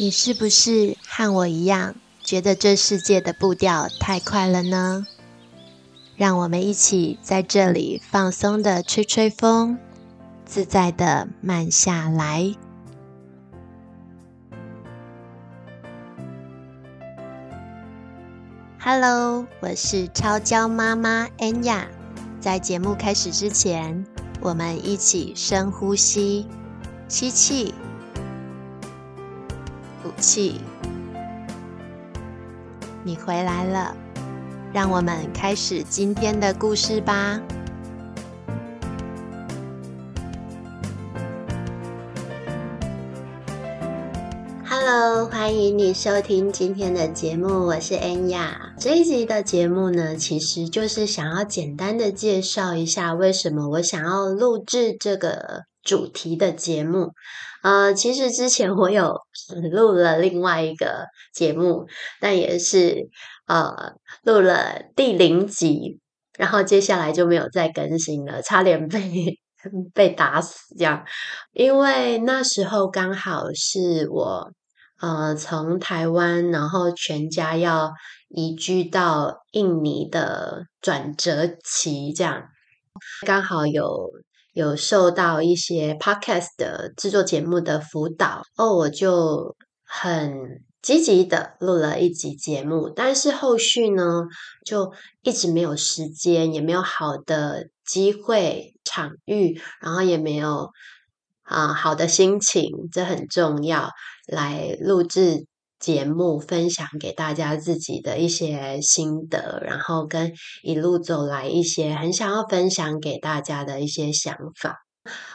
你是不是和我一樣覺得這世界的步調太快了呢？讓我們一起在這裡放鬆地吹吹風，自在地慢下來。Hello，我是超焦媽媽 Enya。在節目開始之前，我們一起深呼吸，吸氣。鼓氣，你回來了，讓我們開始今天的故事吧。Hello，歡迎你收聽今天的節目，我是 Enya。這一集的節目呢，其實就是想要簡單的介紹一下，為什麼我想要錄制這個。主題的節目，呃，其實之前我有錄了另外一個節目，但也是呃，錄了第零集，然後接下來就沒有再更新了，差點被被打死這樣。因為那時候剛好是我呃從台灣，然後全家要移居到印尼的轉折期這樣，剛好有。有受到一些 podcast 的製作節目的輔導，哦，我就很積極的錄了一集節目，但是後續呢，就一直沒有時間，也沒有好的機會場域，然後也沒有啊、呃、好的心情，這很重要，來錄製。節目分享給大家自己的一些心得，然後跟一路走來一些很想要分享給大家的一些想法。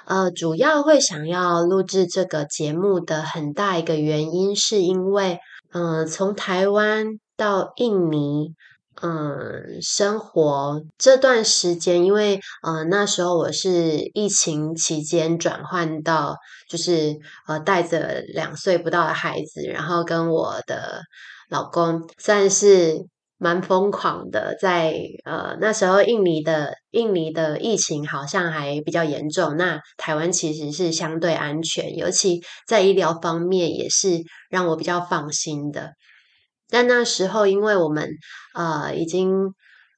呃，主要會想要錄製這個節目的很大一個原因，是因為嗯，呃，從台灣到印尼。嗯，生活這段時間，因為呃，那時候我是疫情期間轉換到，就是呃，帶着兩歲不到的孩子，然後跟我的老公算是蠻瘋狂的，在呃那時候印尼的印尼的疫情好像還比較嚴重，那台灣其實是相對安全，尤其在醫療方面也是讓我比較放心的。但那時候，因為我們呃已經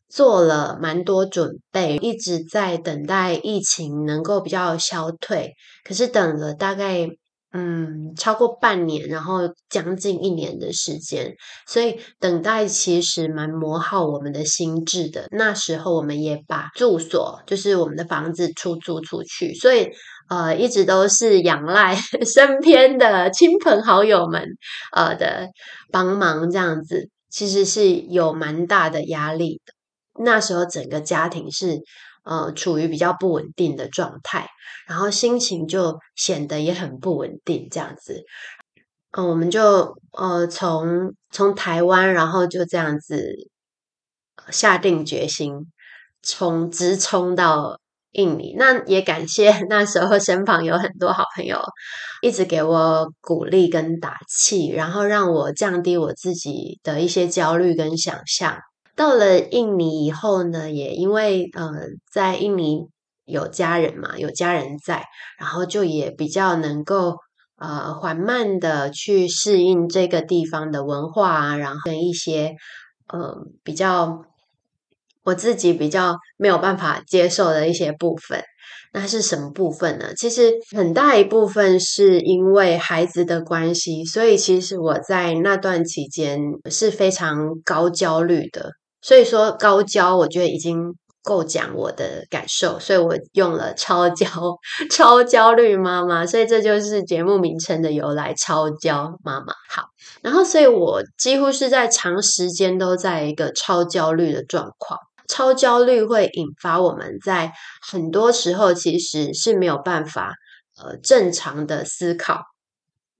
做了蠻多準備，一直在等待疫情能夠比較消退。可是等了大概嗯超過半年，然後將近一年的時間，所以等待其實蠻磨耗我們的心智的。那時候，我們也把住所，就是我們的房子出租出去，所以。呃，一直都是仰賴身邊的親朋好友們呃的幫忙，這樣子其實是有蠻大的壓力的。那時候整個家庭是呃處於比較不穩定的狀態，然後心情就顯得也很不穩定，這樣子。嗯、呃，我們就呃從從台灣，然後就這樣子下定決心，從直衝到印尼，那也感謝那時候身旁有很多好朋友，一直給我鼓勵跟打氣，然後讓我降低我自己的一些焦慮跟想象。到了印尼以後呢，也因為嗯、呃，在印尼有家人嘛，有家人在，然後就也比較能夠呃緩慢的去適應這個地方的文化啊，然後跟一些嗯、呃、比較。我自己比較沒有辦法接受的一些部分，那是什麼部分呢？其實很大一部分是因為孩子的關係，所以其實我在那段期間是非常高焦慮的。所以說高焦，我覺得已經夠講我的感受，所以我用了超焦、超焦慮媽媽，所以這就是節目名稱的由來——超焦媽媽。好，然後所以，我幾乎是在長時間都在一個超焦慮的狀況。超焦慮會引發我們在很多時候其實是沒有辦法呃正常的思考。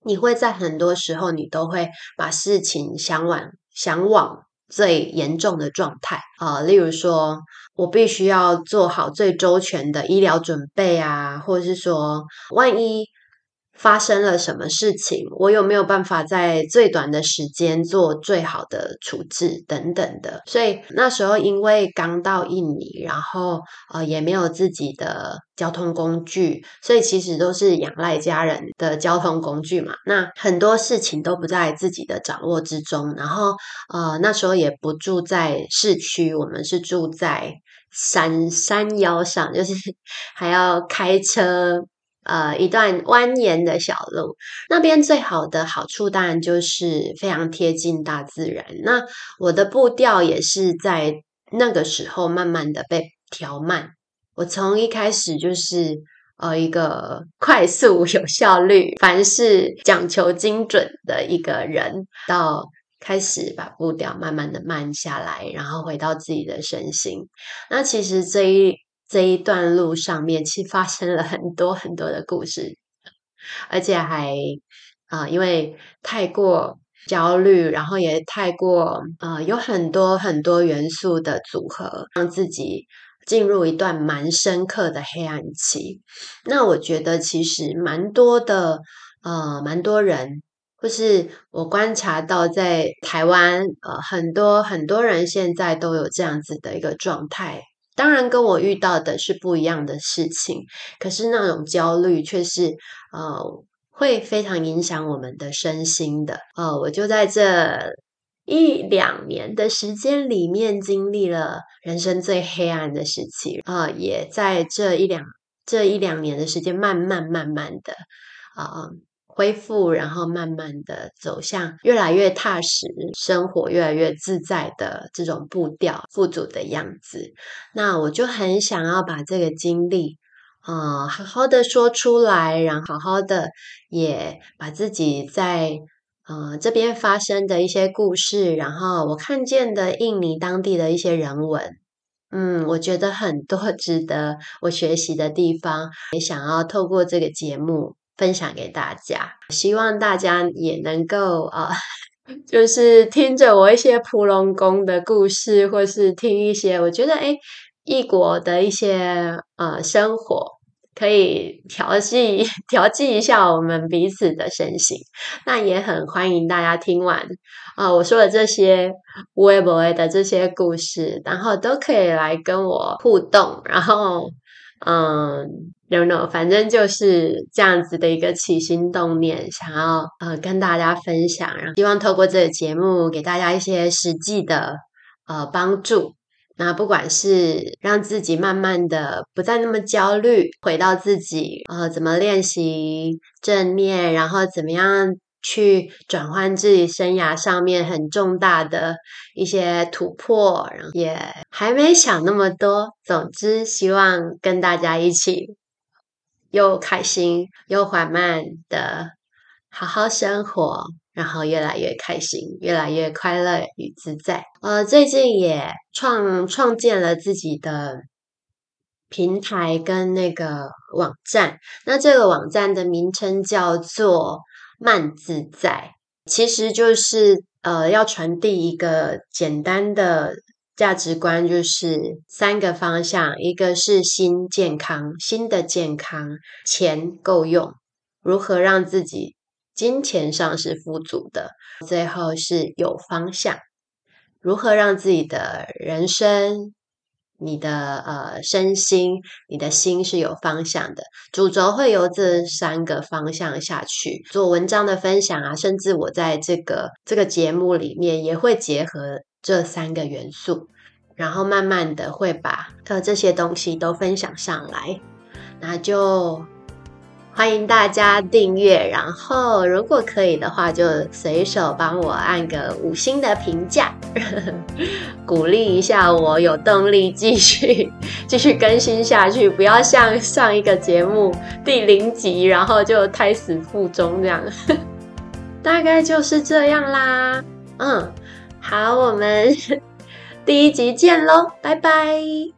你會在很多時候，你都會把事情想往想往最嚴重的狀態啊，呃，例如說我必須要做好最周全的醫療準備啊，或是說萬一。發生了什麼事情？我有沒有辦法在最短的時間做最好的處置等等的？所以那時候因為剛到印尼，然後呃也沒有自己的交通工具，所以其實都是仰賴家人的交通工具嘛。那很多事情都不在自己的掌握之中。然後呃那時候也不住在市區，我們是住在山山腰上，就是還要開車。呃，一段蜿蜒的小路，那邊最好的好處當然就是非常貼近大自然。那我的步調也是在那個時候慢慢的被調慢。我從一開始就是呃一個快速、有效率、凡事講求精準的一個人，到開始把步調慢慢的慢下來，然後回到自己的身心。那其實這一。這一段路上面，其實發生了很多很多的故事，而且還啊、呃，因為太過焦慮，然後也太過呃，有很多很多元素的組合，讓自己進入一段蠻深刻的黑暗期。那我覺得，其實蠻多的呃，蠻多人，或是我觀察到在台灣呃，很多很多人現在都有這樣子的一個狀態。當然，跟我遇到的是不一樣的事情，可是那種焦慮卻是呃，會非常影響我們的身心的。呃，我就在這一兩年的時間裡面，經歷了人生最黑暗的時期啊，呃，也在這一兩這一兩年的時間，慢慢慢慢的啊。呃恢復，然後慢慢的，走向越來越踏實，生活越來越自在的這種步調，富足的樣子。那我就很想要把這個經歷，呃，好好的說出來，然後好好的也把自己在呃這邊發生的一些故事，然後我看見的印尼當地的一些人文，嗯，我覺得很多值得我學習的地方，也想要透過這個節目。分享給大家，希望大家也能夠啊、呃，就是聽着我一些蒲龍宮的故事，或是聽一些我覺得誒異國的一些呃生活，可以調劑調劑一下我們彼此的身心。那也很歡迎大家聽完啊、呃、我說的這些有的沒的的這些故事，然後都可以來跟我互動，然後嗯。no no，反正就是這樣子的一個起心動念，想要呃跟大家分享，然後希望透過這個節目給大家一些實際的呃幫助。那不管是讓自己慢慢的不再那麼焦慮，回到自己呃怎麼練習正念，然後怎麼樣去轉換自己生涯上面很重大的一些突破，然後也還沒想那麼多。總之，希望跟大家一起。又開心又緩慢的好好生活，然後越來越開心，越來越快樂與自在。呃，最近也創創建了自己的平台跟那個網站，那這個網站的名稱叫做“慢自在”，其實就是呃要傳遞一個簡單的。價值觀就是三個方向：一個是心健康，心的健康；錢夠用，如何讓自己金錢上是富足的；最後是有方向，如何讓自己的人生、你的呃身心、你的心是有方向的。主軸會由這三個方向下去做文章的分享啊，甚至我在這個這個節目裡面也會結合，這三個元素，然後慢慢的會把呃這些東西都分享上來，那就歡迎大家訂閱，然後如果可以的話，就隨手幫我按個五星的評價，呵呵鼓勵一下我，有動力繼續繼續更新下去，不要像上一個節目第零集，然後就胎死腹中這樣，大概就是這樣啦，嗯。好，我們第一集見嘍，拜拜。